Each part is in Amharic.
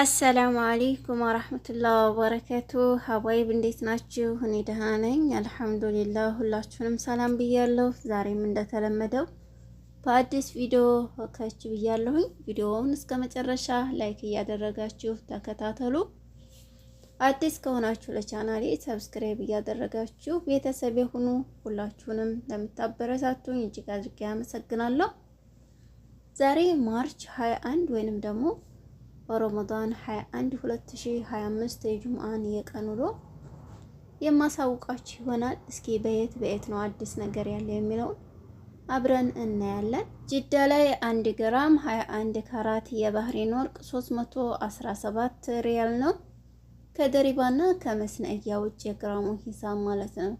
አሰላሙ አሌይኩም ወረህመቱላህ ወበረከቱ። ሀባይብ እንዴት ናችሁ? እኔ ደህና ነኝ አልሐምዱሊላህ። ሁላችሁንም ሰላም ብያለሁ። ዛሬም እንደተለመደው በአዲስ ቪዲዮ ከች ብያለሁኝ። ቪዲዮውን እስከ መጨረሻ ላይክ እያደረጋችሁ ተከታተሉ። አዲስ ከሆናችሁ ለቻናሌ ሰብስክራይብ እያደረጋችሁ ቤተሰብ የሆኑ ሁላችሁንም ለምታበረታቱኝ እጅግ አድርጌ አመሰግናለሁ። ዛሬ ማርች 21 ወይንም ደግሞ በረመዳን 21 2025 የጁምአን የቀን ውሎ የማሳውቃችሁ ይሆናል። እስኪ በየት በየት ነው አዲስ ነገር ያለ የሚለውን አብረን እናያለን። ጅዳ ላይ 1 ግራም 21 ካራት የባህሬን ወርቅ 317 ሪያል ነው። ከደሪባና ከመስነያ ውጭ የግራሙ ሂሳብ ማለት ነው።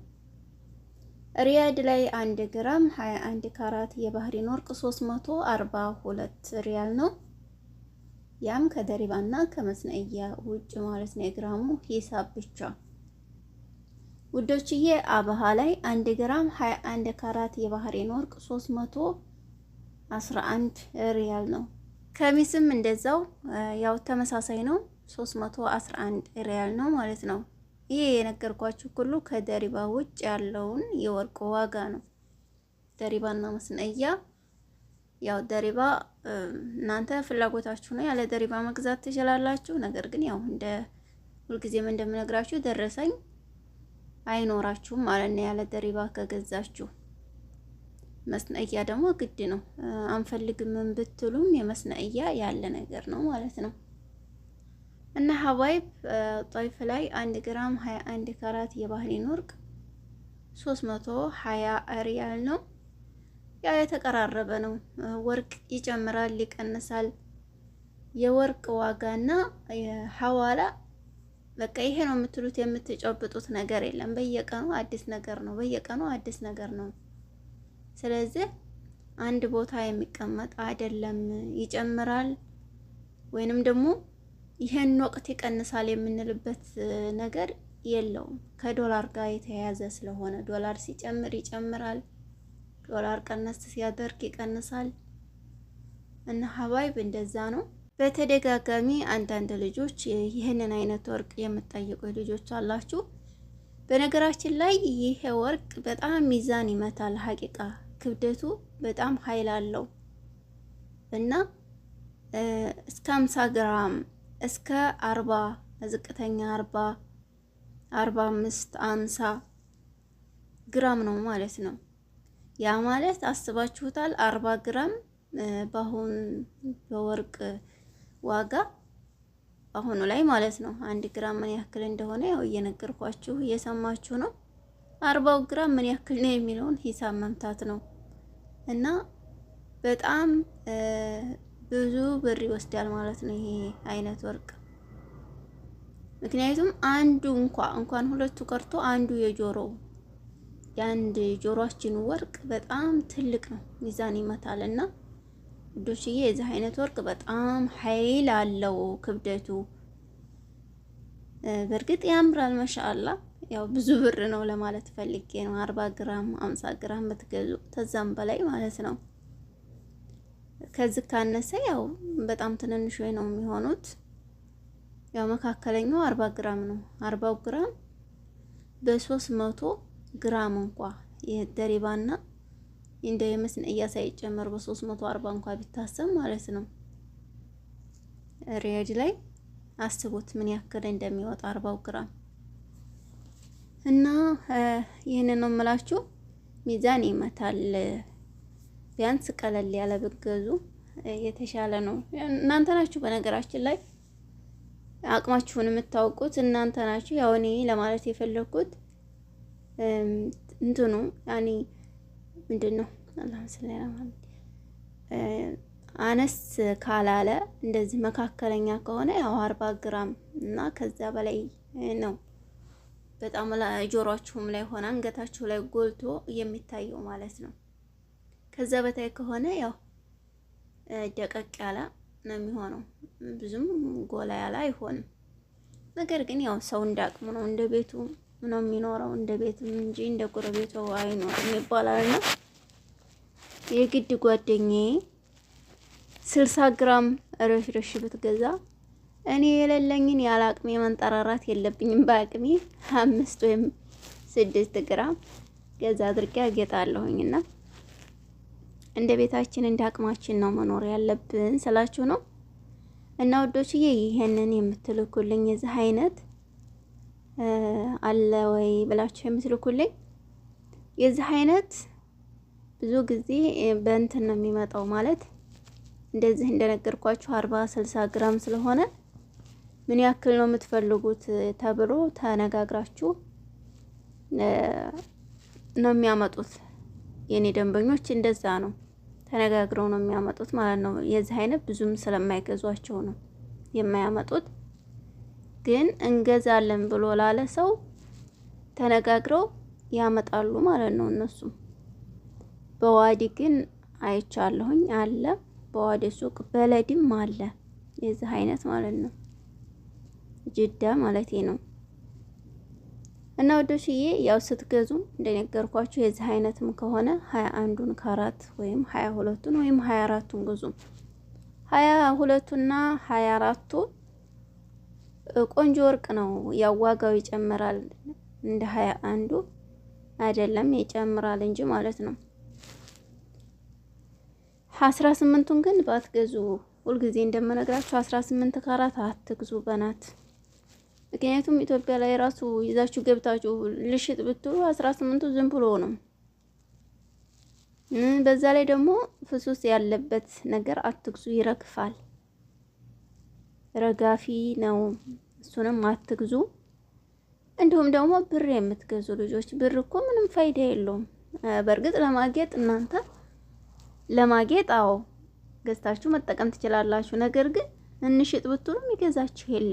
ሪያድ ላይ 1 ግራም 21 ካራት የባህሪን ወርቅ 342 ሪያል ነው። ያም ከደሪባ እና ከመስነእያ ውጭ ማለት ነው። የግራሙ ሂሳብ ብቻ ውዶችዬ። አብሃ ላይ 1 ግራም 21 ካራት የባህሬን ወርቅ 311 ሪያል ነው። ከሚስም እንደዛው ያው ተመሳሳይ ነው፣ 311 ሪያል ነው ማለት ነው። ይሄ የነገርኳችሁ ሁሉ ከደሪባ ውጭ ያለውን የወርቅ ዋጋ ነው። ደሪባና መስነያ ያው ደሪባ እናንተ ፍላጎታችሁ ነው፣ ያለ ደሪባ መግዛት ትችላላችሁ። ነገር ግን ያው እንደ ሁልጊዜም እንደምነግራችሁ ደረሰኝ አይኖራችሁም ማለት ነው ያለ ደሪባ ከገዛችሁ። መስነእያ ደግሞ ግድ ነው። አንፈልግም ብትሉም የመስነእያ ያለ ነገር ነው ማለት ነው። እና ሀባይብ ጦይፍ ላይ 1 ግራም 21 ካራት የባህሪን ወርቅ 320 ሪያል ነው። ያው የተቀራረበ ነው። ወርቅ ይጨምራል፣ ይቀንሳል። የወርቅ ዋጋና የሐዋላ በቃ ይሄ ነው የምትሉት የምትጨብጡት ነገር የለም። በየቀኑ አዲስ ነገር ነው። በየቀኑ አዲስ ነገር ነው። ስለዚህ አንድ ቦታ የሚቀመጥ አይደለም። ይጨምራል ወይንም ደግሞ ይሄን ወቅት ይቀንሳል የምንልበት ነገር የለውም። ከዶላር ጋር የተያያዘ ስለሆነ ዶላር ሲጨምር ይጨምራል ዶላር ቀነስ ሲያደርግ ይቀንሳል እና ሀባይብ እንደዛ ነው። በተደጋጋሚ አንዳንድ ልጆች ይህንን አይነት ወርቅ የምጠይቁ ልጆች አላችሁ። በነገራችን ላይ ይሄ ወርቅ በጣም ሚዛን ይመታል። ሀቂቃ ክብደቱ በጣም ኃይል አለው እና እስከ 50 ግራም እስከ 40 ዝቅተኛ 40 45 50 ግራም ነው ማለት ነው። ያ ማለት አስባችሁታል፣ አርባ ግራም በአሁን በወርቅ ዋጋ አሁኑ ላይ ማለት ነው። አንድ ግራም ምን ያክል እንደሆነ ያው እየነገርኳችሁ እየሰማችሁ ነው። አርባው ግራም ምን ያክል ነው የሚለውን ሂሳብ መምታት ነው እና በጣም ብዙ ብር ይወስዳል ማለት ነው ይሄ አይነት ወርቅ። ምክንያቱም አንዱ እንኳ እንኳን ሁለቱ ቀርቶ አንዱ የጆሮው የአንድ ጆሮአችን ወርቅ በጣም ትልቅ ነው፣ ሚዛን ይመታል እና ውዶችዬ የዚህ አይነት ወርቅ በጣም ኃይል አለው ክብደቱ። በእርግጥ ያምራል መሻአላ። ያው ብዙ ብር ነው ለማለት ፈልጌ ነው። አርባ ግራም አምሳ ግራም ብትገዙ ተዛም በላይ ማለት ነው። ከዚህ ካነሰ ያው በጣም ትንንሽ ወይ ነው የሚሆኑት። ያው መካከለኛው አርባ ግራም ነው። አርባው ግራም በሶስት መቶ ግራም እንኳ የደሪባና እንደ የመስን እያሳይ ጨመር በ340 እንኳ ቢታሰብ ማለት ነው። ሪያድ ላይ አስቡት ምን ያክል እንደሚወጣ 40 ግራም እና ይህንን ነው የምላችሁ። ሚዛን ይመታል። ቢያንስ ቀለል ያለ ብገዙ የተሻለ ነው። እናንተ ናችሁ በነገራችን ላይ አቅማችሁን የምታውቁት እናንተ ናችሁ። ያው እኔ ለማለት የፈለኩት እንትኑ ያኔ ምንድን ነው አነስ ካላለ እንደዚህ መካከለኛ ከሆነ ያው አርባ ግራም እና ከዛ በላይ ነው። በጣም ጆሮአችሁም ላይ ሆነ አንገታችሁ ላይ ጎልቶ የሚታየው ማለት ነው። ከዛ በታይ ከሆነ ያው ደቀቅ ያለ ነው የሚሆነው፣ ብዙም ጎላ ያለ አይሆንም። ነገር ግን ያው ሰው እንዳቅሙ ነው እንደ ቤቱ ነው የሚኖረው እንደ ቤትም እንጂ እንደ ጎረቤቱ አይኖርም ይባላል። እና የግድ ጓደኛዬ ስልሳ ግራም ረሽረሽ ብትገዛ እኔ የሌለኝን ያለ አቅሜ መንጠራራት የለብኝም። በአቅሜ አምስት ወይም ስድስት ግራም ገዛ አድርጌ አጌጣለሁኝ እና እንደ ቤታችን እንደ አቅማችን ነው መኖር ያለብን ስላችሁ ነው። እና ወዶችዬ ይሄንን የምትልኩልኝ የዚህ አይነት አለ ወይ ብላችሁ የምትልኩልኝ የዚህ አይነት ብዙ ጊዜ በእንትን ነው የሚመጣው። ማለት እንደዚህ እንደነገርኳችሁ አርባ ስልሳ ግራም ስለሆነ ምን ያክል ነው የምትፈልጉት ተብሎ ተነጋግራችሁ ነው የሚያመጡት። የእኔ ደንበኞች እንደዛ ነው ተነጋግረው ነው የሚያመጡት ማለት ነው። የዚህ አይነት ብዙም ስለማይገዟቸው ነው የማያመጡት። ግን እንገዛለን ብሎ ላለ ሰው ተነጋግረው ያመጣሉ ማለት ነው። እነሱም በዋዲ ግን አይቻለሁኝ አለ። በዋዲ ሱቅ በለድም አለ የዚህ አይነት ማለት ነው። ጅዳ ማለት ነው። እና ወዶሽዬ ያው ስትገዙ እንደነገርኳችሁ የዚህ አይነትም ከሆነ ሀያ አንዱን ከአራት ወይም ሀያ ሁለቱን ወይም ሀያ አራቱን ግዙ። ሀያ ሁለቱና ሀያ አራቱን ቆንጆ ወርቅ ነው። ያው ዋጋው ይጨምራል እንደ ሀያ አንዱ አይደለም ይጨምራል እንጂ ማለት ነው። አስራ ስምንቱን ግን ባትገዙ ሁልጊዜ እንደምነግራችሁ አስራ ስምንት ካራት አትግዙ በናት። ምክንያቱም ኢትዮጵያ ላይ ራሱ ይዛችሁ ገብታችሁ ልሽጥ ብትሉ አስራ ስምንቱ ዝም ብሎ ነው። በዛ ላይ ደግሞ ፍሱስ ያለበት ነገር አትግዙ፣ ይረግፋል። ረጋፊ ነው። እሱንም አትግዙ። እንዲሁም ደግሞ ብር የምትገዙ ልጆች ብር እኮ ምንም ፋይዳ የለውም። በእርግጥ ለማጌጥ እናንተ ለማጌጥ አዎ ገዝታችሁ መጠቀም ትችላላችሁ። ነገር ግን እንሽጥ ብትሉም ይገዛችሁ የለ